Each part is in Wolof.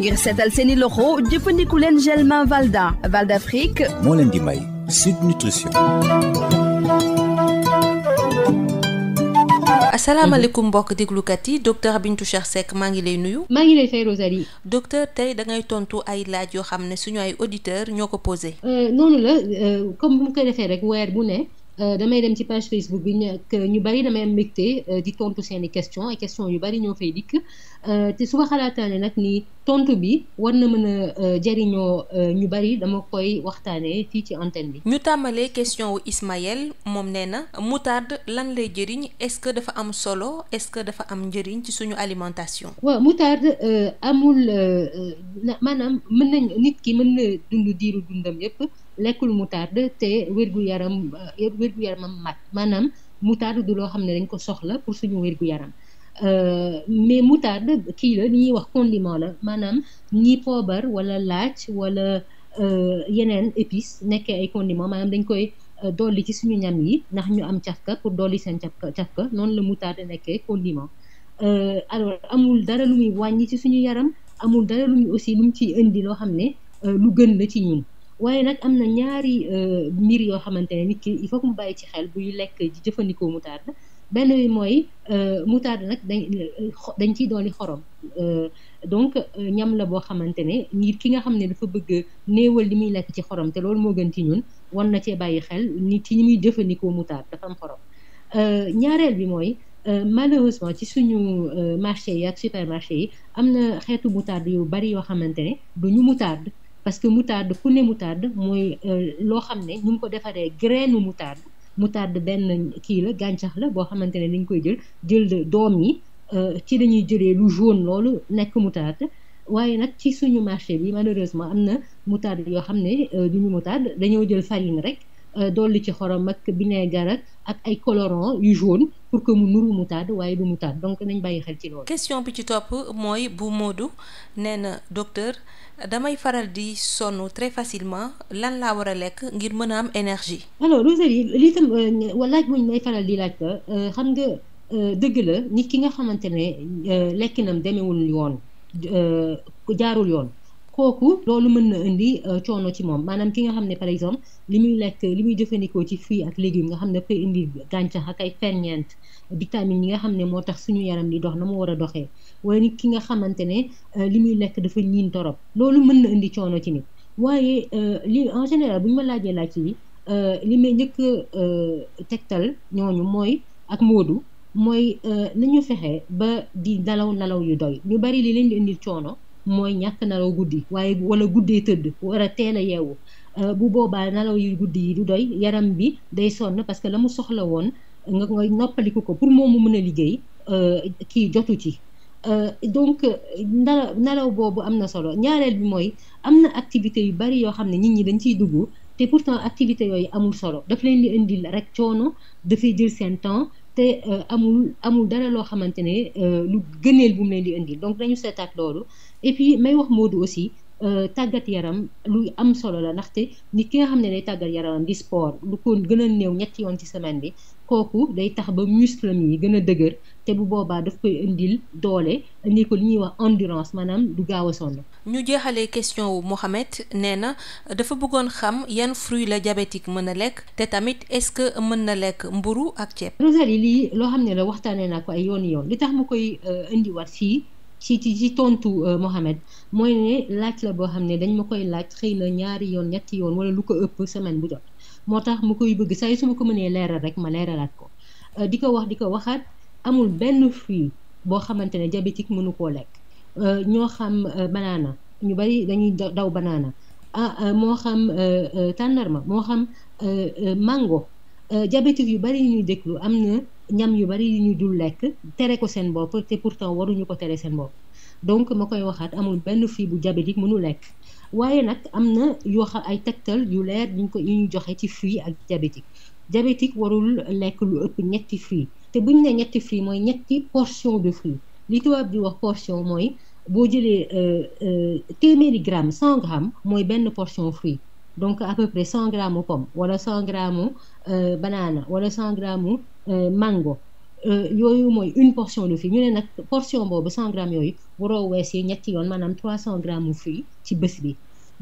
ngir seetal seeni loxo jëfandiku leen gel main Valda Valda Afrique moo leen di may Sud mbokk déglukat yi docteur Bintou Cheikh Seck maa ngi lay nuyu. maa ngi lay fay Rosalie. docteur tey da ngay tontu ay laaj yoo xam ne suñu ay auditeurs ñoo ko posé. Euh, noonu la euh, comme bu mu ko defee rek weer bu ne. Euh, damay dem ci page Facebook bi ñu bari damay am mbégte euh, di tontu seen i question ay question yu bari ñoo fay dikk euh, te su ma nag ni tontu bi war na mën a jëriñoo ñu bari dama koy waxtaanee fii ci antenne bi. ñu tàmbalee question wu Ismaël moom nee na moutarde lan lay jëriñ est-ce que dafa am solo est-ce que dafa am njëriñ ci suñu alimentation. waaw moutarde amul maanaam mën nañ nit ki mën na dund diiru dundam yépp lekkul moutarde te wérgu yaram euh, wérgu yaramam mat maanaam moutarde du loo xam ne dañ ko soxla pour suñu wérgu yaram euh, mais moutarde kii la li ñuy wax condiment la maanaam ni poobar wala laaj wala euh, yeneen épices nekkee ay condiment dañ koy dolli ci suñu ñam yi ndax ñu am cafka pour dolli seen cafka cafka noonu la moutarde nekkee condiment alors amul dara lu muy wàññi ci suñu yaram amul dara lu muy aussi lu mu ciy indi loo xam ne lu gën la ci ñun waaye nag am na ñaari euh, mbir yoo xamante ne nit ki il mu bàyyi ci xel buy lekk ci jëfandikoo moutarde benn bi mooy euh, moutarde nag dañ euh, dañ ciy dooli xorom donc ñam la boo xamante ne ngir ki nga xam ne dafa bëgg néewal li muy lekk ci xorom te loolu moo gën ci ñun war na cee bàyyi xel ni ci ñi muy jëfandikoo moutarde dafa am xorom ñaareel bi mooy malheureusement ci suñu marché yi ak supermarché yi am na xeetu moutarde yu bari yoo xamante ne duñu moutarde parce que moutarde ku ne moutarde mooy euh, loo xam ne ñu ngi ko defaree graine moutarde moutarde benn kii la gàncax la boo xamante ne dañ koy jël jël doom yi euh, ci dañuy jëlee lu jaune loolu nekk moutarde waaye nag ci suñu marché bi malheureusement am na moutarde yoo xam ne euh, duñu moutarde dañoo jël farine rek Euh, dolli ci xorom ak vinaigre ak ay colorant yu jaune pour que mu nuru moutarde waaye du moutarde donc nañ bàyyi xel ci loolu. question bi ci topp mooy bu Modou nee na docteur damay faral di sonn très facilement lan laa war a lekk ngir mën a am énergie. alors Rosalie li tam euh, laaj bu ñu may faral di laaj ka euh, xam nga dëgg la nit ki nga xamante ne lekkinam demewul yoon jaarul yoon. kooku loolu mën na indi euh, coono ci moom maanaam ki nga xam ne par exemple li muy lekk li muy jëfandikoo ci fruits ak légumes nga xam ne daf indi gàncax ak ay ferñeent vitamines yi nga xam ne moo tax suñu yaram di dox na mu war a doxee wala nit ki nga xamante ne euh, li muy lekk dafa ñiin torop loolu mën na indi coono ci nit waaye euh, li en général bu ma laajee laaj yi li may njëkk tegtal ñooñu mooy ak moodu mooy nañu fexe ba di nalaw nalaw yu doy ñu bari li leen di indil coono mooy ñàkk nalaw guddi waaye wala guddee tëdd war a teel a yeewu euh, bu boobaa nelaw yu guddi yi du doy yaram bi day sonn parce que la mu soxla woon nga nga noppaliku ko pour moom mu mën a liggéey euh, kii jotu ci euh, donc nalaw boobu am na solo ñaareel bi mooy am na activité yu bari yoo xam ne nit ñi dañ ciy dugg te pourtant activité yooyu amul solo daf leen li indil rek coono dafay jël seen temps te amul amul dara loo xamante ne lu gëneel bu mu leen di indil donc dañu seetaat loolu et puis may wax Modou aussi euh, tàggat yaram lu am solo la ndaxte nit ki nga xam ne day tàggat yaram di sport lu ko gën a néew ñetti yoon ci semaine bi kooku day tax ba muscle yi gën a dëgër te bu boobaa daf koy indil doole indi ko li ñuy wax endurance maanaam du gaaw a sonn. ñu jeexalee question wu Mohamed nee na dafa bëggoon xam yan fruit la diabétique mën a lekk te tamit est-ce que mën na lekk mburu ak ceeb. Rosalie lii loo xam ne la waxtaanee naa ko ay yoon yoon tax mu koy euh, indiwaat fii. ci ci ci tontu euh, Mohamed mooy ne laaj la boo xam ne dañ ma koy laaj xëy na ñaari yoon ñetti yoon wala lu ko ëpp semaine bu jot moo tax mu koy bëgg saa yu su ma ko mënee leeral rek ma leeralaat ko euh, di ko wax di ko waxaat amul benn fruit boo xamante ne diabétique mënu koo lekk euh, ñoo xam banaana ñu bari dañuy daw banaana ah moo xam tàndarma moo xam màngo diabétique yu bari ñuy déglu am na. ñam yu bari yu ñu dul lekk tere ko seen bopp te pourtant waruñu ko tere seen bopp donc ma koy waxaat amul benn fii bu diabétique mënu lekk waaye nag am na yoo xam ay tegtal yu leer ñu ko yu ñu joxe ci fruits ak diabétique diabétique warul lekk lu ëpp ñetti fruits te buñ ne ñetti fruits mooy ñetti portion de fruits li tubaab di wax portion mooy boo jëlee euh, euh, téeméeri grammes cent gramme mooy benn portion fruit donc à peu près cent gramme pomme wala cent gramme euh, banana wala cent Euh, mango euh, yooyu mooy une portion de fruit ñu ne nag portion boobu 100 grammes yooyu waroo wees yi ñetti yoon maanaam 300 grammes mu fruit ci bés bi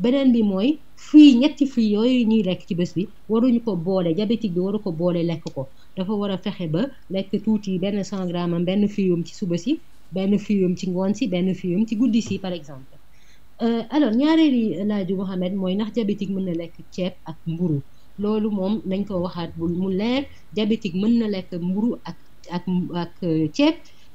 beneen bi mooy fruit ñetti fruit yooyu ñuy lekk ci bés bi waruñu ko boole diabétique bi waru ko boole lekk ko dafa war a fexe ba lekk tuuti benn 100 grammes benn fruit yum ci suba si benn fruit yum ci ngoon si benn fruit yum ci guddi si par exemple euh, alors ñaareeli laaju Mohamed mooy ndax diabétique mën na lekk ceeb ak mburu loolu moom nañ ko waxaat bu mu leer diabétique mën na lekk mburu ak ak ak euh, ceeb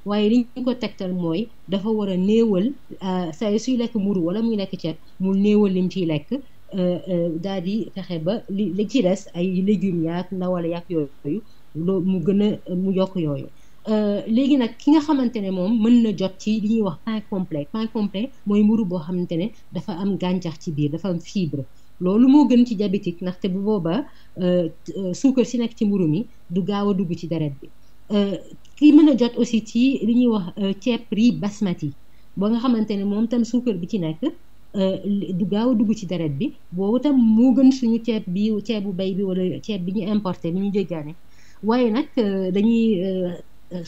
waaye liñ ko tegtal mooy dafa war a néewal euh, saa suy lekk mburu wala muy lekk ceeb mu néewal lim ciy lekk euh, daal di fexe ba li li ci des ay légumes yaak ndawal yaak yooyu loo mu gën a mu yokk yooyu léegi nag ki nga xamante ne moom mën na jot ci li ñuy wax pain complet pain complet mooy mburu boo xamante ne dafa am gàncax ci biir dafa am fibre loolu moo gën ci diabétique ndaxte bu boobaa euh, euh, suukar si nekk ci mburu mi du gaaw a dugg ci deret bi euh, ki mën a jot aussi ci li ñuy wax ceeb riz basmati ba nga xamante ne moom tam suukar bi ci nekk du gaaw a dugg ci deret bi boobu tam moo gën suñu ceeb bi ceebu bay bi wala ceeb bi ñu importé bi ñu jéggaane waaye nag dañuy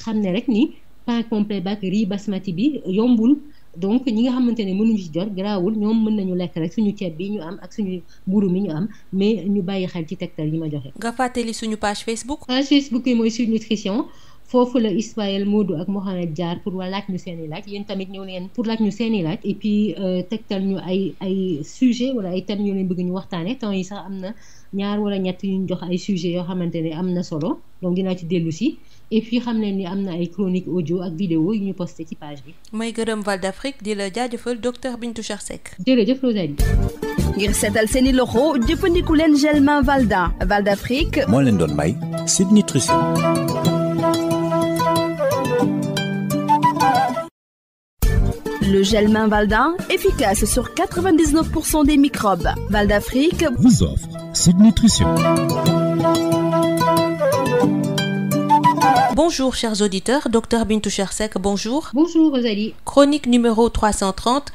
xam ne rek ni pain complet bak riz basmati bi yombul donc ñi nga xamante ne mënuñu ci jot garaawul ñoom mën nañu lekk rek suñu ceeb bi ñu am ak suñu mburu mi ñu am mais ñu bàyyi xel ci tegtal yi ma joxe. nga fàttali suñu page Facebook. page Facebook yi mooy Sud Nutrition. foofu la Ismaël Modou ak Mohamed Diar pour waa laaj ñu seen i laaj yéen tamit ñëw leen pour laaj ñu seeni i laaj et puis euh, tegtal ñu ay ay sujet wala ay thèmes ñu leen bëgg ñu waxtaanee temps yi sax am na ñaar wala ñett ñu jox ay sujet yoo xamante ne am na solo donc dinaa ci dellu si et puis xam leen ni am na ay chronique audio ak vidéo yu ñu posté ci page bi. mooy gërëm Val d'Afrique di la jaajëfal docteur Bintou Cheikh Seck. jërëjëf Rosalie. ngir seetal seen i loxo jëfandiku leen gel main Valda Val d'Afrique. moo leen doon may Sud Nutrition. Le gel main Valda, efficace sur 99% des microbes. Val d'Afrique vous offre Sud Bonjour chers auditeurs, docteur Bintou Chersek, bonjour. Chronique numéro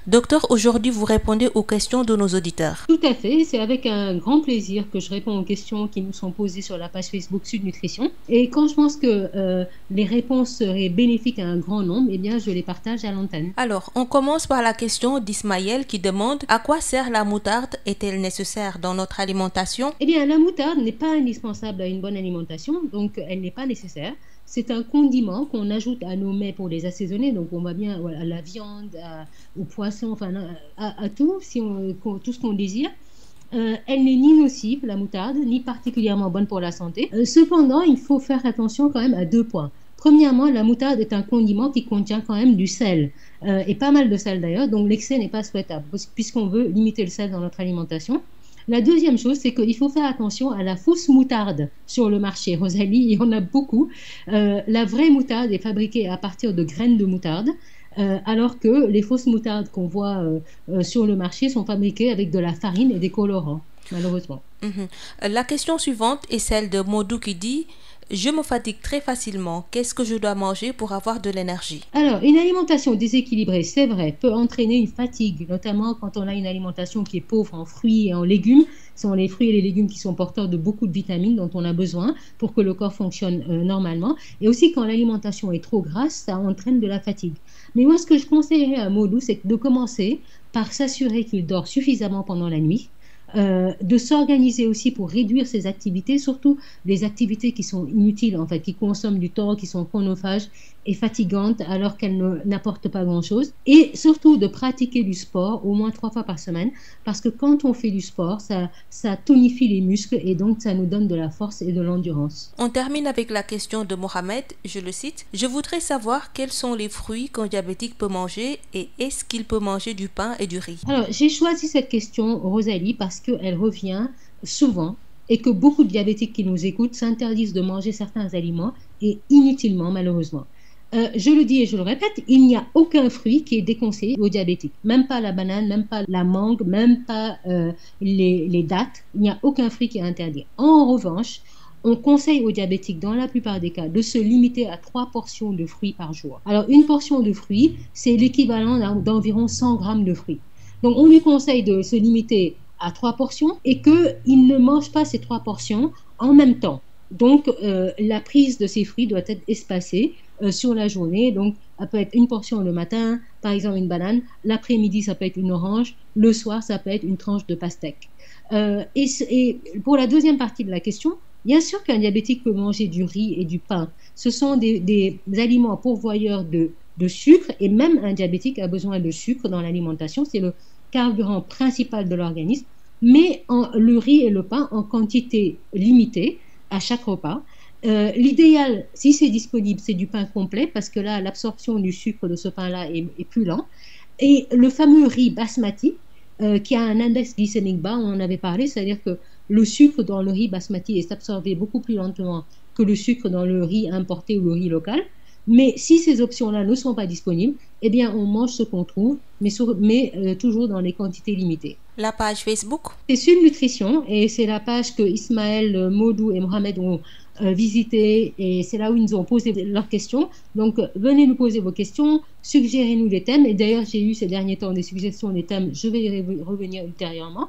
Docteur, aujourd'hui vous répondez aux questions de nos auditeurs. Tout à fait, c'est avec un grand plaisir que je réponds aux questions qui nous sont posées sur la page Facebook Sud Nutrition. Et quand je pense que euh, les réponses seraient bénéfiques à un grand nombre, eh je les partage à l'antenne. on commence par la question d'Ismaël qui demande à quoi sert la moutarde Est-elle nécessaire dans notre alimentation Eh bien la moutarde n'est pas C'est un condiment qu'on ajoute à nos mets pour les assaisonner. Donc, on va bien voilà, à la viande, à, au poisson, enfin, à, à tout, si on, tout ce qu'on désire. Euh, elle n'est ni nocive, la moutarde, ni particulièrement bonne pour la santé. Euh, cependant, il faut faire attention quand même à deux points. Premièrement, la moutarde est un condiment qui contient quand même du sel, euh, et pas mal de sel d'ailleurs, donc l'excès n'est pas souhaitable, puisqu'on veut limiter le sel dans notre alimentation. La deuxième chose, c'est qu'il faut faire attention à la fausse moutarde sur le marché. Rosalie, il y en a beaucoup. Euh, la vraie moutarde est fabriquée à partir de graines de moutarde. Euh, alors que les fausses moutardes qu'on voit euh, euh sur le marché sont fabriquées avec de la farine et des colorants, malheureusement. Mmh. La question suivante est celle de Modou qui dit je me fatigue très facilement. Qu'est-ce que je dois manger pour avoir de l'énergie? Alors, une alimentation déséquilibrée, c'est vrai, peut entraîner une fatigue, notamment quand on a une alimentation qui est pauvre en fruits et en légumes. sont les fruits et les légumes qui sont porteurs de beaucoup de vitamines dont on a besoin pour que le corps fonctionne euh, normalement. Et aussi quand l'alimentation est trop grasse, ça entraîne de la fatigue. Mais ce que euh, de s'organiser aussi pour réduire ces activités, surtout des activités qui sont inutiles, en fait, qui consomment du temps, qui sont chronophages et fatigantes alors qu'elles n'apportent pas grand-chose. Et surtout de pratiquer du sport au moins trois fois par semaine, parce que quand on fait du sport, ça, tonifie les muscles et donc ça nous donne de la force et de l'endurance. On termine avec la question de Mohamed, je le cite, Je voudrais savoir quels parce qu'elle revient souvent et que beaucoup de diabétiques qui nous écoutent s'interdisent de manger certains aliments et inutilement malheureusement. Euh, je le dis et je le répète, il n'y a aucun fruit qui est déconseillé aux diabétiques, même pas la banane, même pas la mangue, même pas euh, les, les dattes, il n'y a aucun fruit qui est interdit. En revanche, on conseille aux diabétiques, dans la plupart des cas, de se limiter à trois portions de fruits par jour. Alors, une portion de fruits, c'est l'équivalent d'environ 100 grammes de fruits. Donc, on lui conseille de se limiter à trois portions et qu'il ne mange pas ces trois portions en même temps. Donc, euh, la prise de ces fruits doit être espacée euh, sur la journée. Donc, ça peut être une portion le matin, par exemple une banane. L'après-midi, ça peut être une orange. Le soir, ça peut être une tranche de pastèque. Euh, et, et, pour la deuxième partie de la question, bien sûr qu'un diabétique peut manger du riz et du pain. Ce sont des, des aliments pourvoyeurs de, de, sucre et même un diabétique a besoin de sucre dans l'alimentation. C'est le carburant principal de l'organisme, mais en, le riz et le pain en quantité limitée à chaque repas. Euh, l'idéal, si c'est disponible, c'est du pain complet parce que là, l'absorption du sucre de ce pain-là est, est, plus lent. Et le fameux riz basmati, euh, qui a un index glycémique bas, on en avait parlé, c'est-à-dire que le sucre dans le riz basmati est absorbé beaucoup plus lentement que le sucre dans le riz importé ou le riz local. Mais si ces options-là ne sont pas disponibles, eh bien, on mange ce qu'on trouve, mais, sur, mais euh, toujours dans des quantités limitées. La page Facebook C'est Sud Nutrition et c'est la page que Ismaël, euh, Modou et Mohamed ont euh, visitée et c'est là où ils nous ont posé leurs questions. Donc, euh, venez nous poser vos questions, suggérez-nous des thèmes. Et d'ailleurs, j'ai eu ces derniers temps des suggestions des thèmes, je vais y revenir ultérieurement.